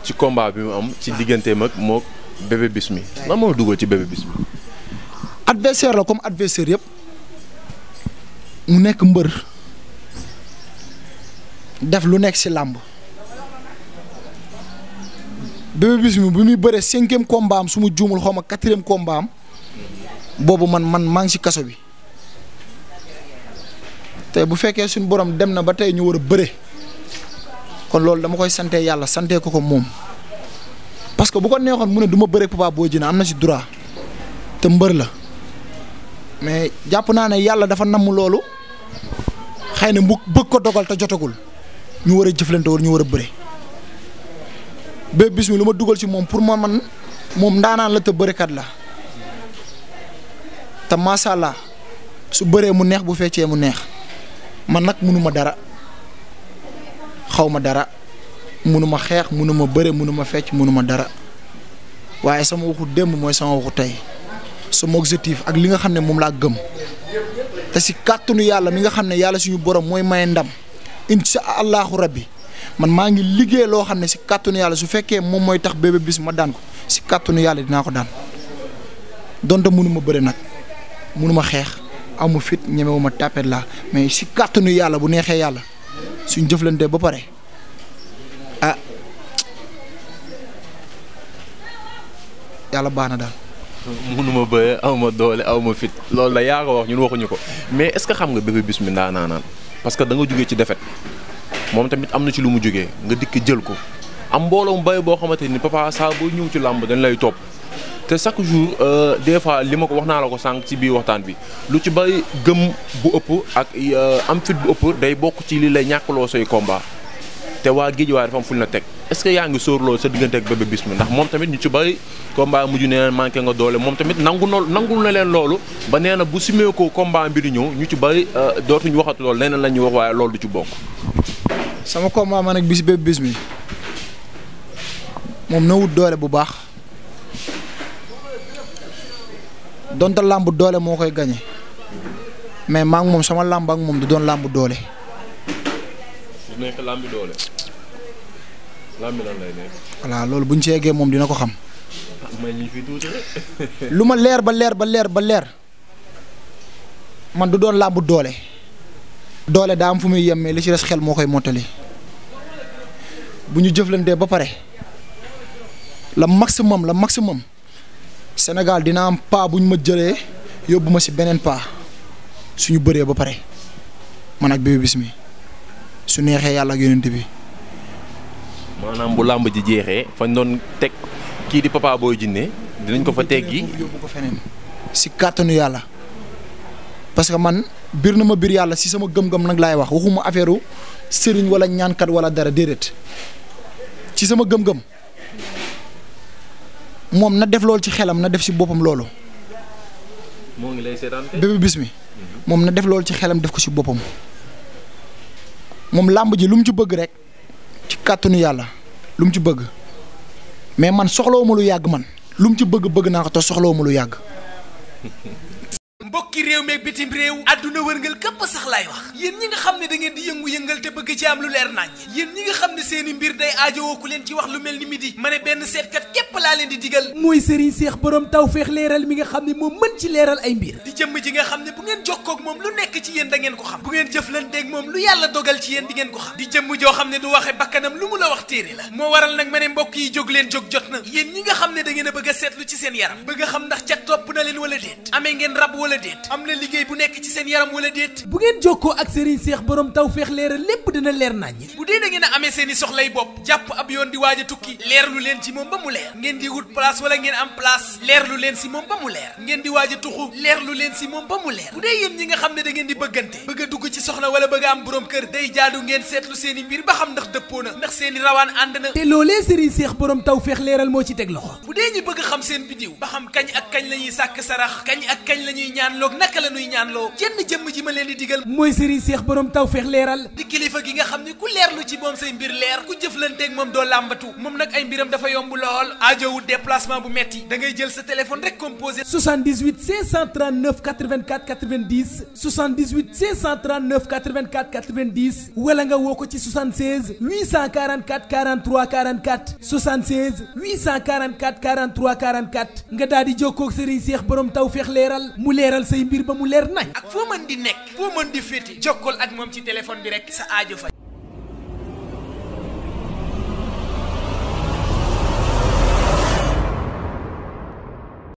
ci combat bi mu am ci digganteem ak moo bébé mi lan moo dugal ci bébé mi adversaire la comme adversaire yépp mu nekk mbër def lu nekk ci làmb bébé bis mi bu muy bëree cinquième combat su ma juumul xaw ma quatrième combat boobu man man maa ngi ci kaso bi te bu fekkee suñu borom dem na ba tey ñu war a bëre kon loolu dama koy sante yàlla sante ko ko moom parce que bu ko neexoon mu ne duma ma bëre Papa Boy Djiné am na si droit te mbër la mais jàpp naa ne yàlla dafa namm loolu xëy na bu bëgg ko dogal te jotagul ñu war a jëflante war ñu war a bëre ba lu ma dugal si moom pour ma man moom ndaanaan la te bërekat la te macha allah su bëree mu neex bu feccee mu neex man nag mënuma dara. xaw ma dara mënuma xeex mënuma bëre mënuma fecc mënuma dara waaye sama waxu démb mooy sama waxu tey sama objectif ak li nga xam ne moom laa gëm te si kàttanu yàlla mi nga xam ne yàlla suñu borom mooy may ndam incha allahu rabbi man maa ngi liggéey loo xam ne si kàttanu yàlla su fekkee moom mooy tax Bébé Bis ma daan ko si kàttanu yàlla dinaa ko daan donte mënuma bëre nag mënuma xeex amu fit ñemewuma tàppet laa mais si kàttanu yàlla bu neexee yàlla. suñ jëflante ba pare ah yàlla baax na daal. mënuma bëre aw ma doole aw ma fit loolu la yaa ko wax ñun waxuñu ko mais est ce que xam nga Bébé Bismi ndaanaanaan parce que da nga jógee ci defet moom tamit am na ci lu mu jógee nga dikk jël ko am mbooloom bay boo xamante ni papa saa boo ñëw ci làmb dañ lay topp. te chaque jour euh, des fois li ma ko wax naa la ko sànq ci biir waxtaan bi lu ci bay gëm bu ëpp ak euh, am fit bu ëpp day bokk ci li lay ñàkkloo say combat te waa géej waa dafa am fuñ na teg est-ce que yaa ngi sóorloo sa diggante ak bébé bis mi ndax moom tamit ñu ci bëri combat mujj nee na manqué nga doole moom tamit nangu na nangu na leen loolu ba nee na bu simee ko combat bi di ñëw ñu ci bëri euh, dootuñu waxatu loolu leneen la ñuy wax waaye loolu ci bokk. sama combat man ak bis bébé bis mi moom bu baax. donte làmb doole moo koy gañe mais maa moom sama làmb ak moom du doon làmb doole. du loolu bu ñu ci eggee moom dina ko xam. Ah, lu ma leer ba leer ba leer ba leer man du doon làmb doole. doole daa am fu muy yem mais li ci des xel moo koy mottali bu ñu jëflantee ba pare la maximum la maximum. Sénégal dina am pas bu ñu ma jëlee yóbbu ma si beneen pas suñu bëree ba pare man ak Bébé Bismi su neexee yàlla ak yonent bi. maanaam bu làmb ji jeexee fañ doon teg kii di Papa Boy Djiné dinañ ko fa teggi yóbbu ko feneen si kàttanu yàlla parce que man biir na ma biir yàlla si sama gëm-gëm nag laay wax waxuma affaire sëriñ wala ñaankat wala dara déedéet ci sama gëm-gëm. moom na def loolu ci xelam na def si boppam loolu. moo ngi lay Bismi mhm. moom na def loolu ci xelam def ko si boppam moom làmb ji lu mu ci bëgg rek ci kàttanu yàlla lu mu ci bëgg mais man soxlawuma lu yàgg man lu mu ci bëgg bëgg naa ko te soxlawuma lu yàgg. ci réew meeg bitim réew adduna wërngal këpp sax lay wax yéen ñi nga xam ne da ngeen di yëngu-yëngal te bëgg ci am lu leer nañ yéen ñi nga xam ne seeni mbir day aajowoo ku leen ci wax lu mel ni midi ma ne benn seetkat képp laa leen di digal mooy sëriñ seex borom tawfeex leeral mi nga xam ne moom mën ci leeral ay mbir di jëm ji nga xam ne bu ngeen jokkoo ak moom lu nekk ci yéen dangeen ko xam bu ngeen jëflanteeg moom lu yàlla dogal ci yéen di ngeen ko xam di jëmm joo xam ne waxe bakkanam lu la wax téere waral nag ma ne mbokk yi jóg leen jóg jot na yéen ñi nga xam ne da bëgg a ci seen yaram bëgg a xam ndax ca topp na leen wala déet amee ngeen rab wala déet am na liggéey bu nekk ci seen yaram wala déet bu ngeen jokkoo ak Serigne Cheikh borom tawfeex leeral lépp dina leer naññ bu dee da ngeen a amee seen i soxlay bopp jàpp ab yoon di waaj a tukki leer lu leen ci moom ba mu leer ngeen di wut place wala ngeen am place leer leen si moom ba mu leer ngeen di waaja a tuxu leer lu leen si moom ba mu leer bu dee yéen ñi nga xam ne dangeen ngeen di bëggante bëgg a dugg ci soxna wala bëgg a am borom kër day jaadu ngeen seetlu seen i mbir ba xam ndax dëppoo na ndax seen i rawaan ànd na te loolee Serigne Cheikh borom tawfeex leeral moo ci teg loxo bu bëgg xam seen bidiw ba xam kañ ak la ñuy sàkk sarax kañ ak kañ la ñuy ñaan loog naka la nuy ñaan loo jenn jëmm ji ma leen di digal mooy sëriñ seex taw tawfeex leeral di kilifa gi nga xam ni ku leer lu ci moom say mbir leer ku jëflanteeg moom doo làmbatu moom nag ay mbiram dafa yomb lool aajowul déplacement bu metti da ngay jël sa téléphone rek composé 78 539 84 90 78 539 84 90 wala nga woo ko ci 76 844 43 44 76 844 43 44 nga daal ko jokkoo ak sëriñ seex borom tawfeex leeral mu leeral say say mbir ba mu leer nañ ak foo man di nekk foo man di féete jokkool ak moom ci téléphone bi rek sa aajo fa